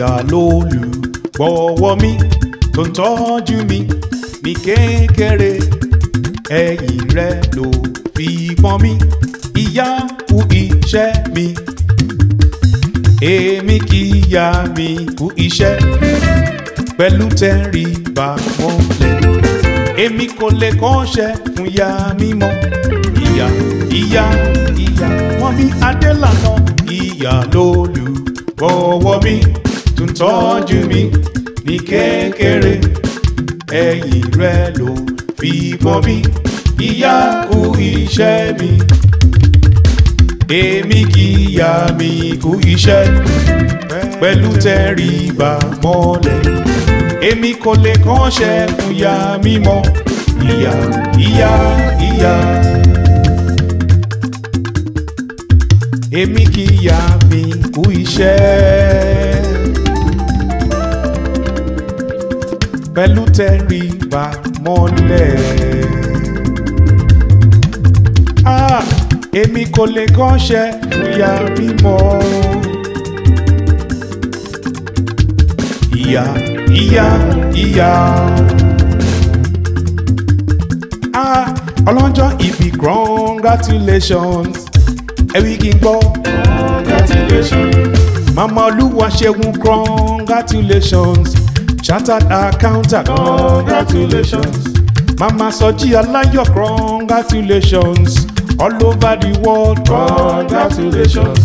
ìyá lólùgbọ́wọ́ mi tó ń tọ́jú mi mi kékeré ẹ̀yìn rẹ̀ ló fi pọ́n mi ìyá kú iṣẹ́ mi èmi kì í yá mi kú iṣẹ́ pẹ̀lú tẹríba wọ́n lẹ̀ èmi kò lè kọ́ṣẹ́ fún yá mi mọ́ ìyá ìyá ìyá wọ́n mi adélànà ìyá lólùgbọ́wọ́ mi tó ń tọ́jú mi ní kékeré ẹ̀yìn rẹ ló fi mọ́ mi ìyá kú iṣẹ́ mi èmi kì í yá mi kú iṣẹ́ pẹ̀lú tẹríba mọ́lẹ̀ èmi kò lè kánṣẹ́ fún ya mímọ́ ìyá ìyá ìyá. èmi kì í yá mi kú iṣẹ́. pẹ̀lú tẹríba mọ́lẹ̀. Ah, èmi kò lè kánṣẹ́ ìyá mímọ́. ìyá ìyá ìyá. Ah, ọlọ́jọ́ ìbí congratulations ẹ wí kí n gbọ́. congratulations. mama olúwa ṣẹ́gun congratulations. Chartered accountant, congratulations. Mama Soji Alayo, congratulations. All over the world, congratulations.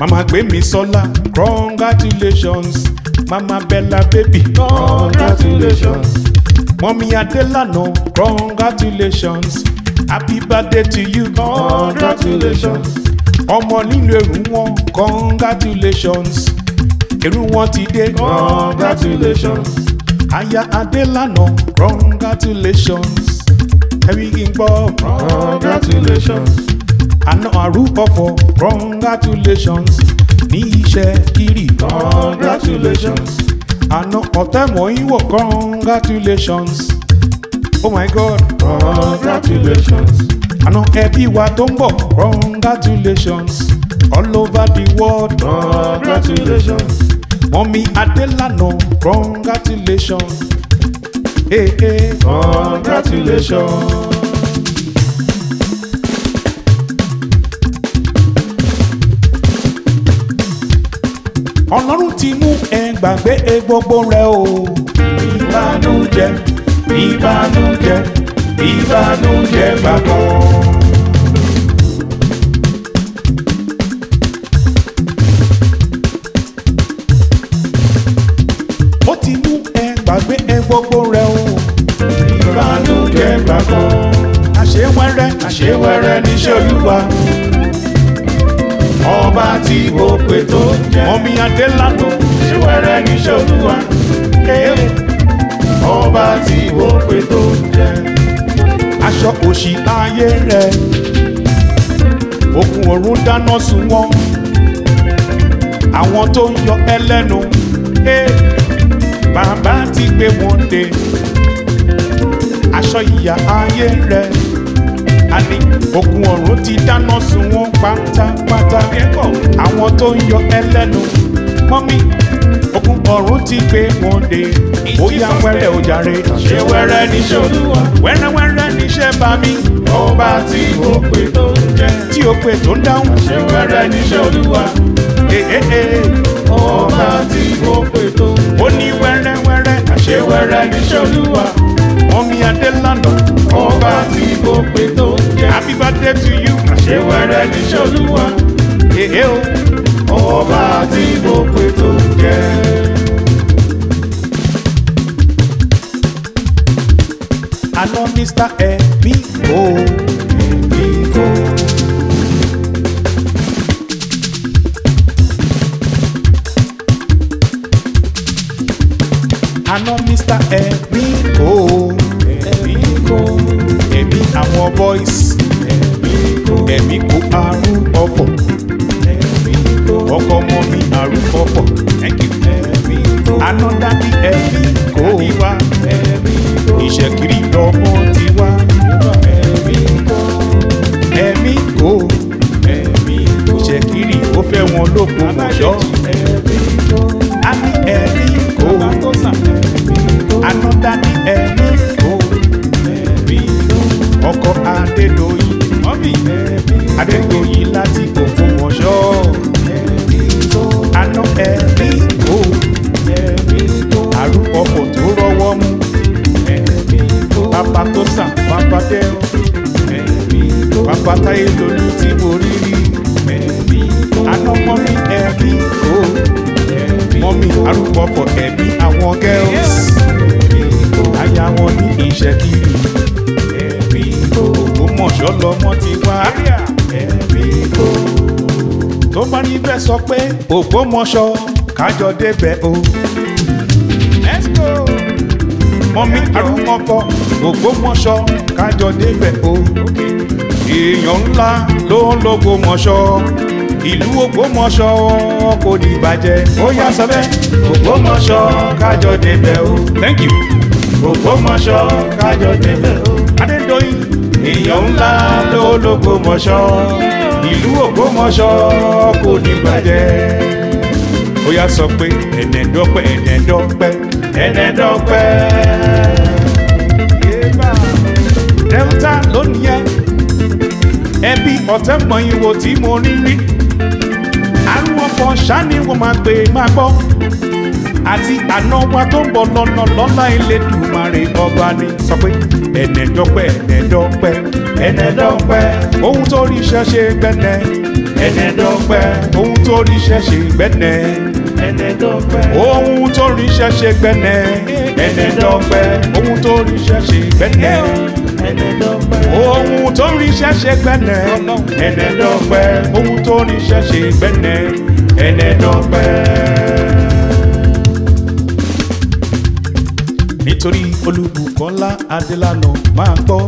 Mama Gbemi Sola, congratulations. Mama Bella Baby, congratulations. Mommy Adelano, congratulations. Happy birthday to you, congratulations. Ọmọ nílò ẹrù wọn, congratulations irú wọn ti dé. congratulations. aya Adélànà congratulations. ẹ̀rí kí n gbọ́. congratulations. àna àrùbọ̀fọ̀ congratulations. ní iṣẹ́ kiri. congratulations. àna ọ̀tẹ̀mọ̀ ìwọ̀ congratulations. oh my god. congratulations. àna ẹbí wa tó ń bọ̀ congratulations all over the world. Congratulations. Mommy Adelano, congratulations. Hey, hey, congratulations. Ọlọ́run ti mú ẹ gbàgbé e gbogbo rẹ o. Ìbànújẹ́, ìbànújẹ́, ìbànújẹ́ bàbá. ní gbogbo rẹ̀ o. ìbànújẹ́ gbàgbọ́. àṣewẹ́rẹ́ àṣewẹ́rẹ́ níṣẹ́ olúwa. ọba tí o pè tó jẹ́. omi adé lánà. àṣewẹ́rẹ́ níṣẹ́ olúwa. ọba tí o pè tó jẹ́. aṣọ òṣì ayé rẹ̀. okùn òru dáná sun wọn. àwọn tó ń yọ ẹlẹ́nu. Hey bàbá ti gbé wọn dé aṣọ ìyà ayé rẹ àní ogun ọ̀run ti dáná sun wọn pátápátá àwọn tó ń yọ ẹlẹ́nu mọ́mí ogun ọ̀run ti gbé wọn dé bóyá wẹ́rẹ́ ò jàre ṣé wẹ́rẹ́ níṣẹ́ olúwa wẹ́rẹ́ wẹ́rẹ́ níṣẹ́ bá mi ọba tí o pè tó ń jẹ tí o pè tó ń dáhùn ṣé wẹ́rẹ́ níṣẹ́ olúwa ọba tí o pè tó ń jẹ Àwẹ̀rẹ̀ níṣolúwa. Mọ́mí Adélànà. Ọba tí mo pe tó ń jẹ́. Happy birthday to you. Àṣewẹ̀rẹ̀ níṣolúwa. Èhé o. Ọba tí mo pe tó ń jẹ́. Àná Mr. Ẹ̀mí o. àná mr ẹ̀mí kò ẹ̀mí kò ẹ̀mí àwọn boys ẹ̀mí kò àrùn ọ̀pọ̀ ọkọ ọmọ mi àrùn ọ̀pọ̀ àná dábì ẹ̀mí kò ìṣẹ̀kiri lọ́mọ tiwa. Adédoyin mọ́mì Adédoyin láti gbogbo wọn ṣọ́ aná ẹbí tó àrùkọ kò tó rọwọ́ mú bàbá tó sàn bàbá dẹ́rùn bàbá táyé lolú tí mo rí rí aná mọ́mì ẹbí tó mọ́mì àrùkọ kò ẹbí àwọn girls aya wọn ní ìṣẹ́kiri ẹbí tó. Ògbómọ̀ṣọ́ lọmọ ti wá ẹbí kó tó bá níbẹ̀ sọ pé Ògbómọ̀ṣọ́ kájọ débẹ̀ o. let's go mọ́mí arúmọ́kọ Ògbómọ̀ṣọ́ kájọ débẹ̀ o. èèyàn ńlá ló ń lo Ògbómọ̀ṣọ́ ìlú Ògbómọ̀ṣọ́ kò ní bàjẹ́ ó yá sọ bẹ́ẹ̀ Ògbómọ̀ṣọ́ kájọ débẹ̀ o. thank you Ògbómọ̀ṣọ́ kájọ débẹ̀ o. Adédoyin èèyàn ńlá lólógbòmọ̀ṣọ́ ìlú Ògbómọ̀ṣọ́ kò ní bàjẹ́ ó yá sọ pé ẹ̀nẹ̀dọ́pẹ́ ẹ̀nẹ̀dọ́pẹ́ ẹ̀nẹ̀dọ́pẹ́. delta lónìí yẹn ẹbí ọ̀tẹ́ mọ̀yìn wo tí mo rí rí arúgbó kan ṣáni wọn máa gbé máa gbọ́ àti àná wa tó ń bọ̀ lọ́nà lọ́la ilé dùn àárín ọba ni sọ pé ẹnẹdọpẹ ẹnẹdọpẹ ẹnẹdọpẹ ohun tó rí iṣẹ́ ṣe gbẹnẹ ẹnẹdọpẹ ohun tó rí iṣẹ́ ṣe gbẹnẹ ẹnẹdọpẹ ohun tó rí iṣẹ́ ṣe gbẹnẹ ẹnẹdọpẹ ohun tó rí iṣẹ́ ṣe gbẹnẹ ẹnẹdọpẹ ohun tó rí iṣẹ́ ṣe gbẹnẹ ẹnẹdọpẹ ohun tó rí iṣẹ́ ṣe gbẹnẹ ẹnẹdọpẹ. nítorí Olúbùkọ́lá Adélànà máa gbọ́.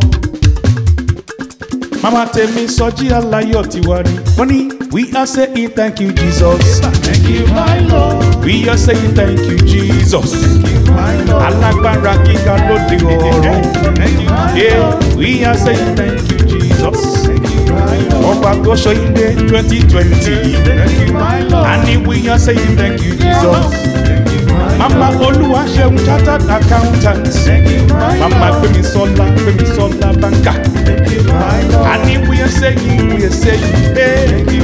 Mama Temi Sọjí Aláyọ̀ Tiwari. Wọ́n ní we are saying thank you Jesus. Thank you my Lord. We are saying thank you Jesus. Thank you my Lord. Alágbára gíga lóde ọ̀run. Thank you my Lord. We are saying thank you Jesus. Thank you my Lord. Ọba Gosho Inde twenty twenty. Thank you my Lord. And we are saying thank you Jesus. Yeah. Mama Olúwa ṣeun chartered accountant. Mama Gbémisọ́lá Gbémisọ́lá bánkà. Àní we sẹ́yìn wíyẹ we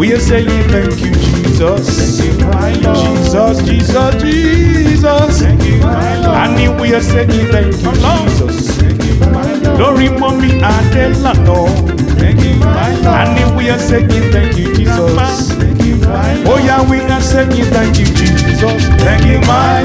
Wíyẹ sẹ́yìn thank you Jesus. Jesus Jesus Jesus. we wíyẹ sẹ́yìn thank you Jesus. Lórí mọ́mí Adélànà. Àní wíyẹ sẹ́yìn thank you Jesus. Oh, yeah, we wíyẹ sẹ́yìn thank you Jesus. Jesus. Thank you, my